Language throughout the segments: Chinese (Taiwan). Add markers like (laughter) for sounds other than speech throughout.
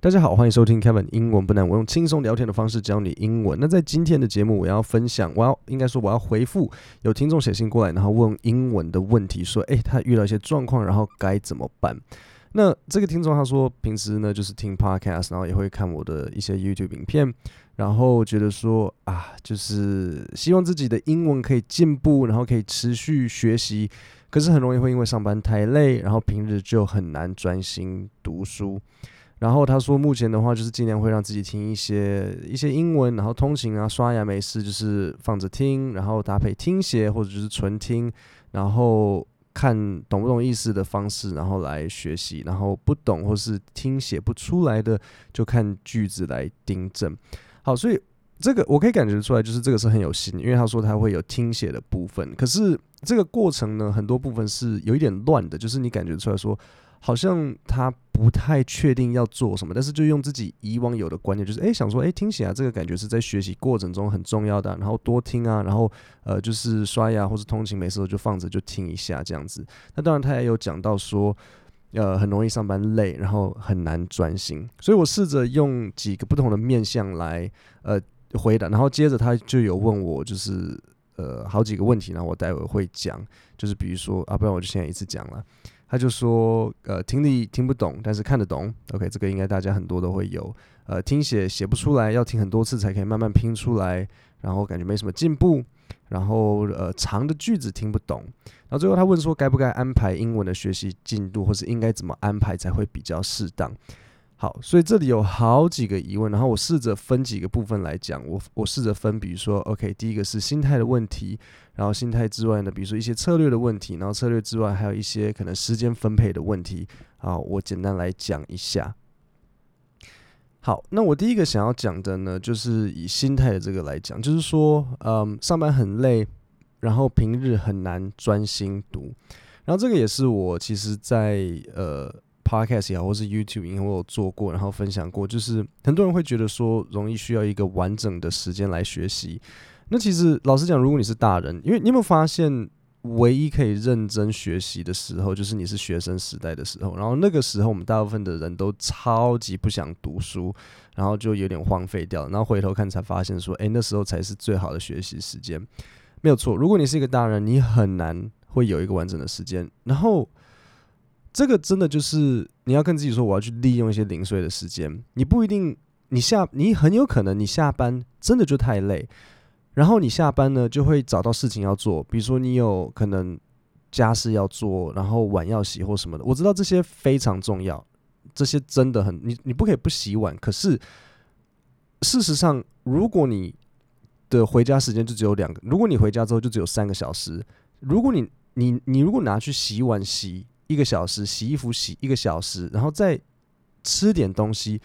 大家好，歡迎收聽 Kevin 英文不難。我用輕鬆聊天的方式教你英文。那在今天的節目，我要分享，我要應該說我要回復有聽眾寫信過來，然後問英文的問題，說誒，他遇到一些狀況，然後該怎麼辦？那這個聽眾他說，平時呢就是聽 podcast，然後也會看我的一些 YouTube 影片，然後覺得說啊，就是希望自己的英文可以進步，然後可以持續學習，可是很容易會因為上班太累，然後平日就很難專心讀書。然後他說，目前的話就是盡量會讓自己聽一些一些英文，然後通勤啊、刷牙沒事就是放着聽，然後搭配聽寫或者就是純聽，然後看懂不懂意思的方式，然後來學習，然後不懂或是聽寫不出來的就看句子來訂正。好，所以這個我可以感覺出來，就是這個是很有心，因為他說他會有聽寫的部分，可是這個過程呢，很多部分是有一點亂的，就是你感覺出來說。好像他不太確定要做什麼，但是就用自己以往有的觀念，就是誒、欸，想說誒、欸，聽起來這個感覺是在學習過程中很重要的、啊，然後多聽啊，然後呃，就是刷牙或是通勤沒事就放着就聽一下這樣子。那當然他也有講到說，呃，很容易上班累，然後很難專心，所以我試着用幾個不同的面向來呃回答，然後接着他就有問我就是呃好幾個問題，然後我待會會講，就是比如說啊，不然我就現在一次講了。他就說，呃，聽力聽不懂，但是看得懂。OK，這個應該大家很多都會有。呃，聽寫寫不出來，要聽很多次才可以慢慢拼出來，然後感覺沒什麼進步。然後，呃，長的句子聽不懂。然後最後他問說，該不該安排英文的學習進度，或是應該怎麼安排才會比較適當？好，所以這裡有好幾個疑問，然後我試着分幾個部分來講。我我試着分，比如說，OK，第一個是心態的問題，然後心態之外呢，比如說一些策略的問題，然後策略之外還有一些可能時間分配的問題。啊，我簡單來講一下。好，那我第一個想要講的呢，就是以心態的這個來講，就是說，嗯，上班很累，然後平日很難專心讀，然後這個也是我其實在，在呃。Podcast 也好，或是 YouTube，因為我有做過，然後分享過，就是很多人會覺得說容易需要一個完整的時間來學習。那其實老實講，如果你是大人，因為你有沒有發現，唯一可以認真學習的時候，就是你是學生時代的時候。然後那個時候，我們大部分的人都超級不想讀書，然後就有點荒廢掉。然後回頭看才發現說，誒，那時候才是最好的學習時間。沒有錯，如果你是一個大人，你很難會有一個完整的時間，然後。這個真的就是你要跟自己說，我要去利用一些零碎的時間。你不一定，你下你很有可能你下班真的就太累，然後你下班呢就會找到事情要做，比如說你有可能家事要做，然後碗要洗或什麼的。我知道這些非常重要，這些真的很你你不可以不洗碗。可是事實上，如果你的回家時間就只有兩個，如果你回家之後就只有三個小時，如果你你你如果拿去洗碗洗，一個小時，洗衣服洗一個小時，然後再吃點東西，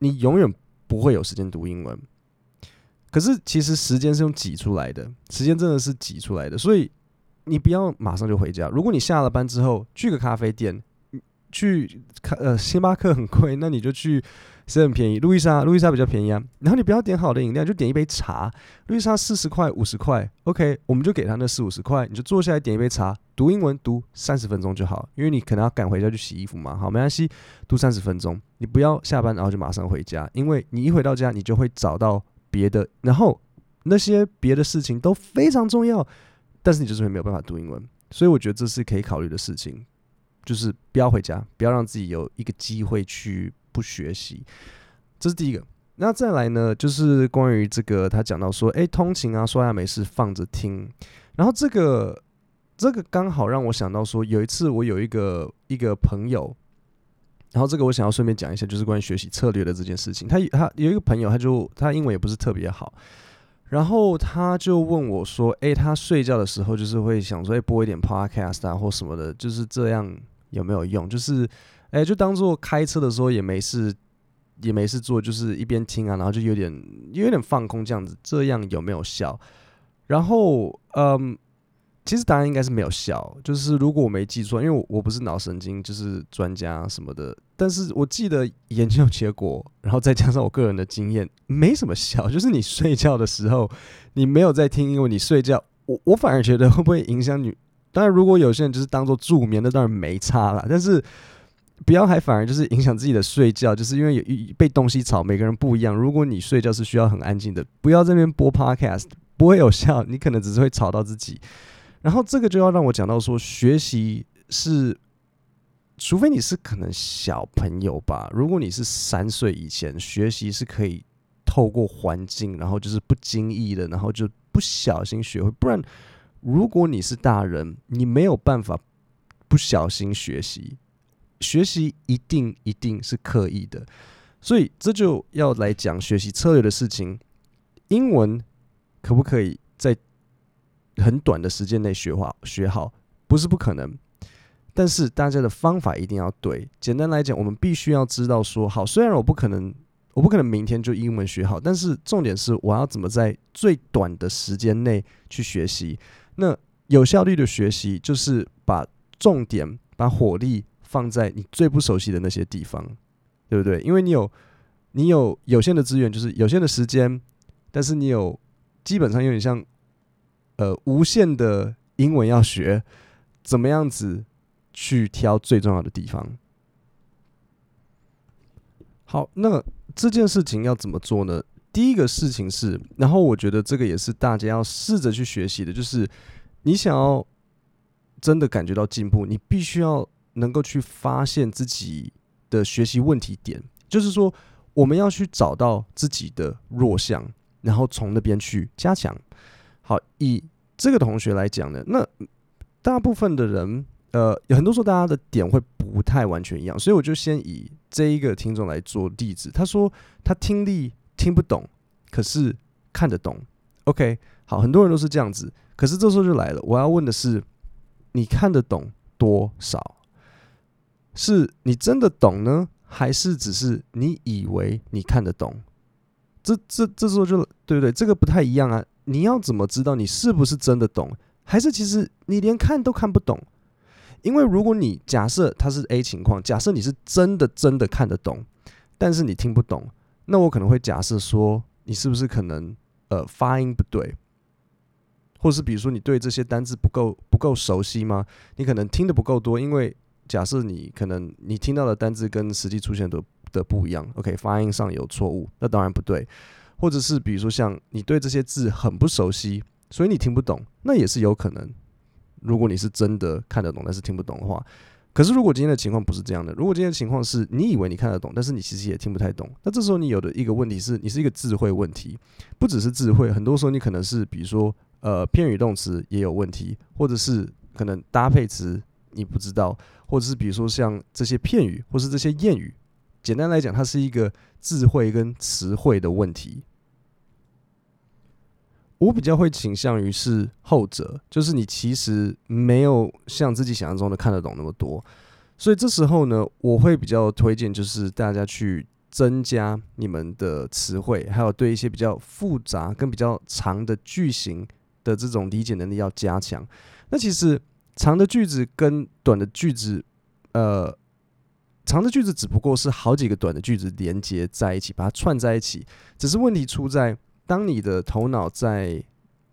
你永遠不會有時間讀英文。可是其實時間是用擠出來的，時間真的是擠出來的，所以你不要馬上就回家。如果你下了班之後去個咖啡店。去看，呃，星巴克很貴，那你就去，誰很便宜？路易莎，路易莎比較便宜啊。然後你不要點好的飲料，就點一杯茶。路易莎四十塊、五十塊，OK，我們就給他那四五十塊。你就坐下來點一杯茶，讀英文，讀三十分鐘就好，因為你可能要趕回家去洗衣服嘛。好，沒關係，讀三十分鐘。你不要下班然後就馬上回家，因為你一回到家，你就會找到別的，然後那些別的事情都非常重要，但是你就是沒有辦法讀英文。所以我覺得這是可以考慮的事情。就是不要回家，不要讓自己有一個機會去不學習，這是第一個。那再來呢，就是關於這個他講到說，哎、欸，通勤啊，說話，沒事放着聽。然後這個這個剛好讓我想到說，有一次我有一個一個朋友，然後這個我想要順便講一下，就是關於學習策略的這件事情。他他有一個朋友，他就他英文也不是特別好，然後他就問我說，哎、欸，他睡覺的時候就是會想說，欸，播一點 podcast 啊或什麼的，就是這樣。有沒有用？就是，哎、欸，就當做開車的時候也沒事，也沒事做，就是一邊聽啊，然後就有點，有點放空這樣子，這樣有沒有效？然後，嗯，其實答案應該是沒有效。就是如果我沒記錯，因為我我不是腦神經，就是專家什麼的，但是我記得研究結果，然後再加上我個人的經驗，沒什麼效。就是你睡覺的時候，你沒有在聽，因為你睡覺，我我反而覺得會不會影響你？當然，如果有些人就是當做助眠，那當然沒差啦。但是不要還反而就是影響自己的睡覺，就是因為有被東西吵，每個人不一樣。如果你睡覺是需要很安靜的，不要在那邊播 Podcast，不會有效。你可能只是會吵到自己。然後這個就要讓我講到說，學習是，除非你是可能小朋友吧。如果你是三歲以前，學習是可以透過環境，然後就是不經意的，然後就不小心學會，不然。如果你是大人，你沒有辦法不小心學習，學習一定一定是刻意的，所以這就要來講學習策略的事情。英文可不可以在很短的時間內學好？學好不是不可能，但是大家的方法一定要對。簡單來講，我們必須要知道說好，雖然我不可能，我不可能明天就英文學好，但是重點是我要怎麼在最短的時間內去學習。那有效率的學習就是把重點、把火力放在你最不熟悉的那些地方，對不對？因為你有你有有限的資源，就是有限的時間，但是你有基本上有點像呃無限的英文要學，怎麼樣子去挑最重要的地方？好，那這件事情要怎麼做呢？第一個事情是，然後我覺得這個也是大家要試着去學習的，就是你想要真的感覺到進步，你必須要能夠去發現自己的學習問題點，就是說我們要去找到自己的弱項，然後從那邊去加強。好，以這個同學來講呢，那大部分的人，呃，有很多時候大家的點會不太完全一樣，所以我就先以這一個聽眾來做例子，他說他聽力。聽不懂，可是看得懂，OK，好，很多人都是這樣子。可是這時候就來了，我要問的是，你看得懂多少？是你真的懂呢，還是只是你以為你看得懂？這這這時候就對不對？這個不太一樣啊。你要怎麼知道你是不是真的懂？還是其實你連看都看不懂？因為如果你假設它是 A 情況，假設你是真的真的看得懂，但是你聽不懂。那我可能會假設說，你是不是可能呃發音不對，或是比如說你對這些單字不夠不夠熟悉嗎？你可能聽得不夠多，因為假設你可能你聽到的單字跟實際出現的的不一樣，OK，發音上有錯誤，那當然不對。或者是比如說像你對這些字很不熟悉，所以你聽不懂，那也是有可能。如果你是真的看得懂，但是聽不懂的話。可是，如果今天的情況不是這樣的，如果今天的情況是你以為你看得懂，但是你其實也聽不太懂，那這時候你有的一個問題是你是一個智慧問題，不只是智慧，很多時候你可能是比如說，呃，片語動詞也有問題，或者是可能搭配詞你不知道，或者是比如說像這些片語或是這些諺語，簡單來講，它是一個智慧跟詞彙的問題。我比較會傾向於是後者，就是你其實沒有像自己想象中的看得懂那麼多，所以這時候呢，我會比較推薦就是大家去增加你們的詞彙，還有對一些比較複雜跟比較長的句型的這種理解能力要加強。那其實長的句子跟短的句子，呃，長的句子只不過是好幾個短的句子連接在一起，把它串在一起，只是問題出在。當你的頭腦在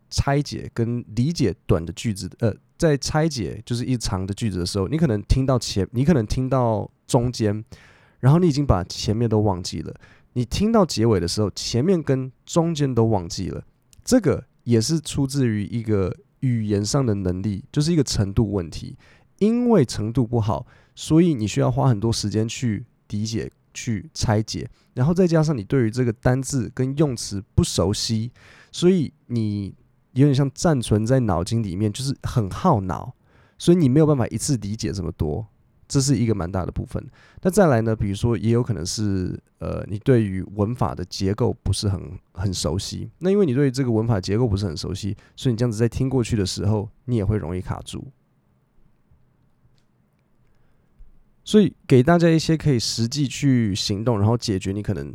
拆解跟理解短的句子，呃，在拆解就是一長的句子的時候，你可能聽到前，你可能聽到中間，然後你已經把前面都忘記了。你聽到結尾的時候，前面跟中間都忘記了。這個也是出自於一個語言上的能力，就是一個程度問題。因為程度不好，所以你需要花很多時間去。理解去拆解，然後再加上你對於這個單字跟用詞不熟悉，所以你有點像暫存在腦筋裡面，就是很耗腦，所以你沒有辦法一次理解這麼多，這是一個蠻大的部分。那再來呢，比如說也有可能是呃，你對於文法的結構不是很很熟悉。那因為你對於這個文法結構不是很熟悉，所以你這樣子在聽過去的時候，你也會容易卡住。所以給大家一些可以實際去行動，然後解決你可能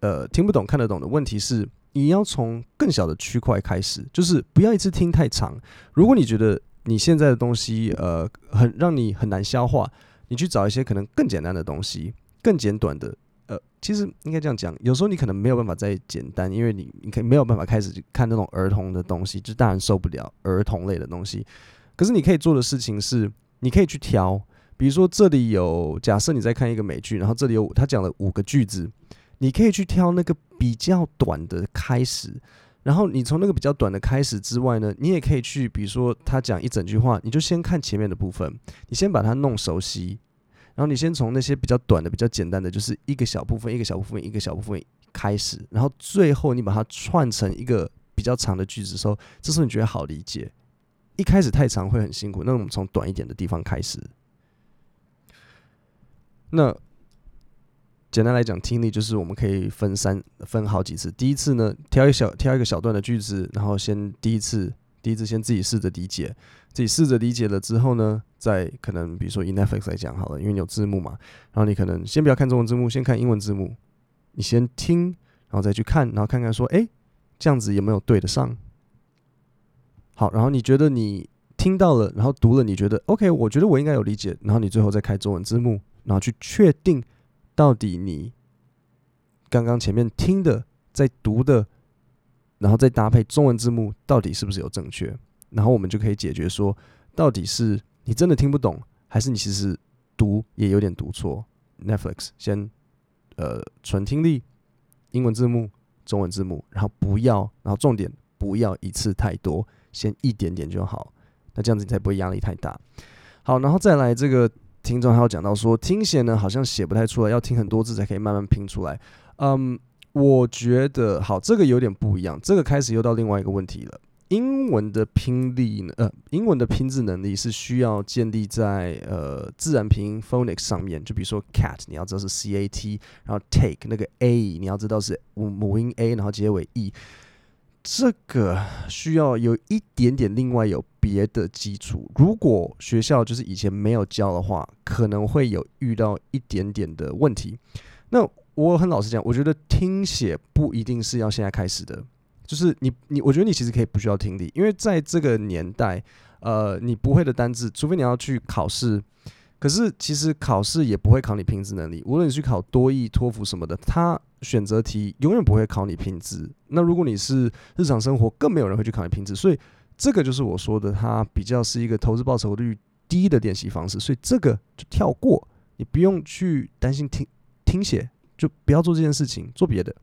呃聽不懂看得懂的問題是，你要從更小的區塊開始，就是不要一次聽太長。如果你覺得你現在的東西呃很讓你很難消化，你去找一些可能更簡單的東西，更簡短的。呃，其實應該這樣講，有時候你可能沒有辦法再簡單，因為你你可以沒有辦法開始看那種兒童的東西，就當然受不了兒童類的東西。可是你可以做的事情是，你可以去挑。比如說這裡有，假設你在看一個美劇，然後這裡有，他講了五個句子，你可以去挑那個比較短的開始。然後你從那個比較短的開始之外呢，你也可以去，比如說他講一整句話，你就先看前面的部分，你先把它弄熟悉。然後你先從那些比較短的、比較簡單的，就是一個小部分、一個小部分、一個小部分開始。然後最後你把它串成一個比較長的句子的時候，這時候你覺得好理解。一開始太長會很辛苦，那我們從短一點的地方開始。那簡單來講，聽力就是我們可以分三分好幾次。第一次呢，挑一小挑一個小段的句子，然後先第一次第一次先自己試着理解，自己試着理解了之後呢，再可能比如說以 Netflix 來講好了，因為你有字幕嘛，然後你可能先不要看中文字幕，先看英文字幕，你先聽，然後再去看，然後看看說，哎、欸，這樣子有沒有對得上？好，然後你覺得你聽到了，然後讀了，你覺得 OK，我覺得我應該有理解，然後你最後再開中文字幕。然後去確定，到底你剛剛前面聽的，在讀的，然後再搭配中文字幕，到底是不是有正確？然後我們就可以解決說，到底是你真的聽不懂，還是你其實讀也有點讀錯？Netflix 先，呃，純聽力，英文字幕，中文字幕，然後不要，然後重點不要一次太多，先一點點就好，那這樣子你才不會壓力太大。好，然後再來這個。聽眾還有講到說聽寫呢，好像寫不太出來，要聽很多字才可以慢慢拼出來。嗯，um，我覺得好，這個有點不一樣，這個開始又到另外一個問題了。英文的拼力呢，呃，英文的拼字能力是需要建立在呃自然拼音 phonics 上面。就比如說 cat，你要知道是 c a t，然後 take 那個 a，你要知道是母母音 a，然後結尾 e。這個需要有一點點另外有別的基礎，如果學校就是以前沒有教的話，可能會有遇到一點點的問題。那我很老實講，我覺得聽寫不一定是要現在開始的，就是你、你，我覺得你其實可以不需要聽力，因為在這個年代，呃，你不會的單字，除非你要去考試。可是，其實考試也不會考你拼字能力。無論你去考多益、托福什麼的，它選擇題永遠不會考你拼字。那如果你是日常生活，更沒有人會去考你拼字。所以，這個就是我說的，它比較是一個投資報酬率低的練習方式。所以，這個就跳過，你不用去擔心聽聽寫，就不要做這件事情，做別的。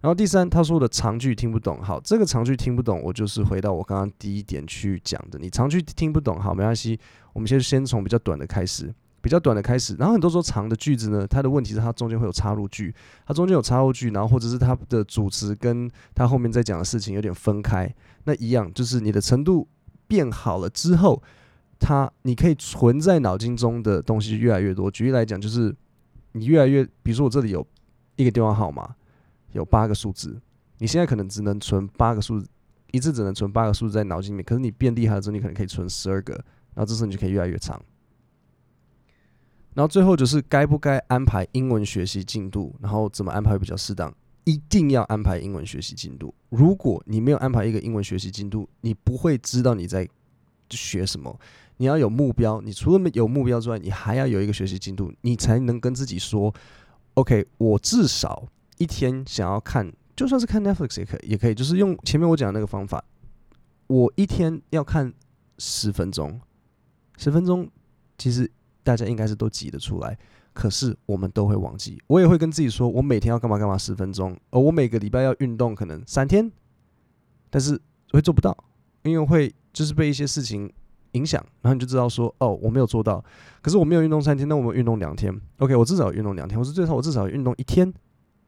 然後第三，他說的長句聽不懂。好，這個長句聽不懂，我就是回到我剛剛第一點去講的。你長句聽不懂，好，沒關係。我們先先從比較短的開始，比較短的開始。然後很多時候長的句子呢，它的問題是它中間會有插入句，它中間有插入句，然後或者是它的主詞跟它後面在講的事情有點分開。那一樣就是你的程度變好了之後，它你可以存在腦筋中的東西越來越多。舉例來講，就是你越來越，比如說我這裡有一個電話號碼。有八個數字，你現在可能只能存八個數字，一次只能存八個數字在腦筋裡面。可是你變厲害了之後，你可能可以存十二個，然後這時候你就可以越來越長。然後最後就是該不該安排英文學習進度，然後怎麼安排比較適當？一定要安排英文學習進度。如果你沒有安排一個英文學習進度，你不會知道你在學什麼。你要有目標，你除了有目標之外，你還要有一個學習進度，你才能跟自己說：“OK，我至少。”一天想要看，就算是看 Netflix 也可以，也可以，就是用前面我講的那個方法。我一天要看十分鐘，十分鐘其實大家應該是都擠得出來，可是我們都會忘記。我也會跟自己說，我每天要幹嘛幹嘛十分鐘，而我每個禮拜要運動可能三天，但是我會做不到，因為會就是被一些事情影響，然後你就知道說，哦，我沒有做到。可是我沒有運動三天，那我們運動兩天，OK，我至少運動兩天。我是最後我至少運動一天。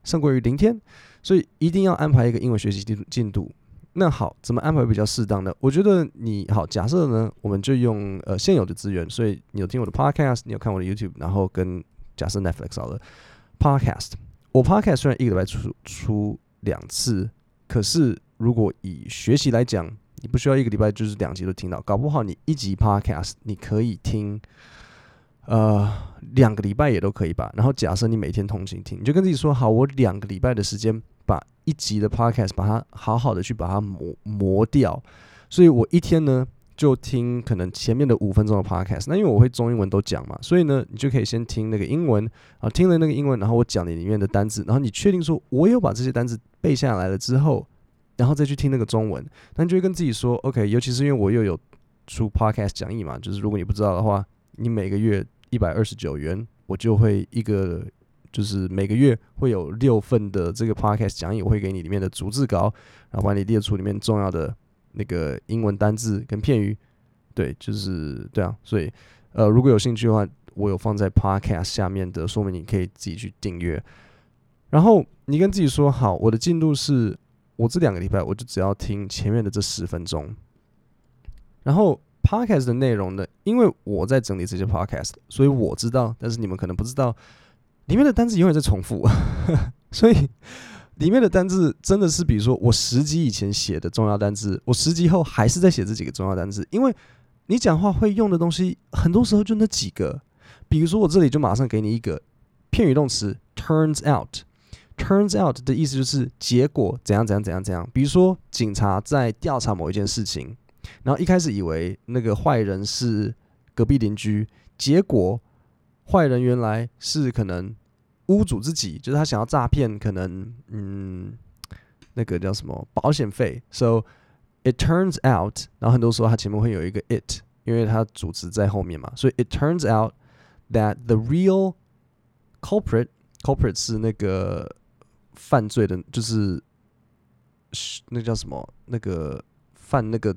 勝過於零天，所以一定要安排一個英文學習進進度。那好，怎麼安排比較適當呢？我覺得你好，假設呢，我們就用呃現有的資源。所以你有聽我的 podcast，你有看我的 YouTube，然後跟假設 Netflix 好了 podcast，我 podcast 雖然一個禮拜出出兩次，可是如果以學習來講，你不需要一個禮拜就是兩集都聽到，搞不好你一集 podcast 你可以聽。呃，兩個禮拜也都可以吧。然後假設你每天通勤聽，你就跟自己說好，我兩個禮拜的時間把一集的 podcast 把它好好的去把它磨磨掉。所以，我一天呢就聽可能前面的五分鐘的 podcast。那因為我會中英文都講嘛，所以呢，你就可以先聽那個英文，然後聽了那個英文，然後我講的裡面的單字，然後你確定說我有把這些單字背下來了之後，然後再去聽那個中文。那你就會跟自己說，OK，尤其是因為我又有出 podcast 講義嘛，就是如果你不知道的話，你每個月。一百二十九元，我就會一個，就是每個月會有六份的這個 podcast 講義，我會給你裡面的逐字稿，然後幫你列出裡面重要的那個英文單字跟片語。對，就是對啊，所以呃，如果有興趣的話，我有放在 podcast 下面的說明，你可以自己去訂閱。然後你跟自己說好，我的進度是我這兩個禮拜，我就只要聽前面的這十分鐘，然後。Podcast 的內容呢？因為我在整理這些 Podcast，所以我知道。但是你們可能不知道，裡面的單詞永遠在重複， (laughs) 所以裡面的單字真的是，比如說我十集以前寫的重要單字，我十集後還是在寫這幾個重要單字，因為你講話會用的東西，很多時候就那幾個。比如說，我這裡就馬上給你一個片語動詞：turns out。turns out 的意思就是結果怎樣怎樣怎樣怎樣。比如說，警察在調查某一件事情。然後一開始以為那個壞人是隔壁鄰居，結果壞人原來是可能屋主自己，就是他想要詐騙，可能嗯那個叫什麼保險費。So it turns out，然後很多時候他前面會有一個 it，因為他主詞在後面嘛，所、so, 以 it turns out that the real culprit，culprit 是那個犯罪的，就是是那叫什麼那個犯那個。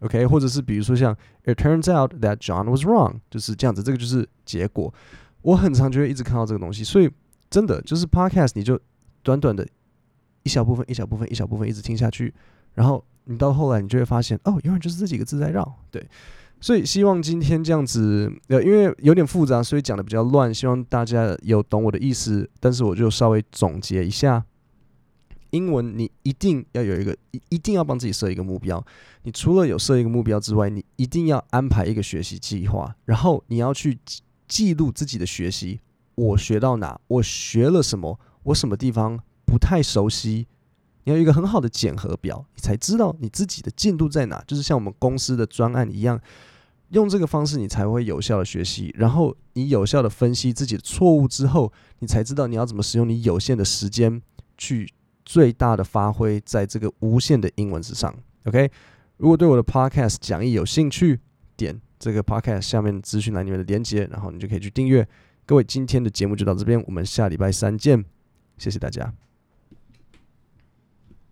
OK，或者是比如說像 It turns out that John was wrong，就是這樣子，這個就是結果。我很常就會一直看到這個東西，所以真的就是 Podcast，你就短短的一小部分、一小部分、一小部分一直聽下去，然後你到後來你就會發現，哦，原來就是這幾個字在繞，對。所以希望今天這樣子，呃，因為有點複雜，所以講的比較亂，希望大家有懂我的意思。但是我就稍微總結一下。英文，你一定要有一個，一一定要幫自己設一個目標。你除了有設一個目標之外，你一定要安排一個學習計劃，然後你要去記錄自己的學習，我學到哪，我學了什麼，我什麼地方不太熟悉，你要有一個很好的檢核表，你才知道你自己的進度在哪。就是像我們公司的專案一樣，用這個方式，你才會有效的學習，然後你有效的分析自己的錯誤之後，你才知道你要怎麼使用你有限的時間去。最大的發揮在這個無限的英文之上。OK，如果對我的 Podcast 講義有興趣，點這個 Podcast 下面資訊欄裡面的鏈接，然後你就可以去訂閱。各位，今天的節目就到這邊，我們下禮拜三見，謝謝大家。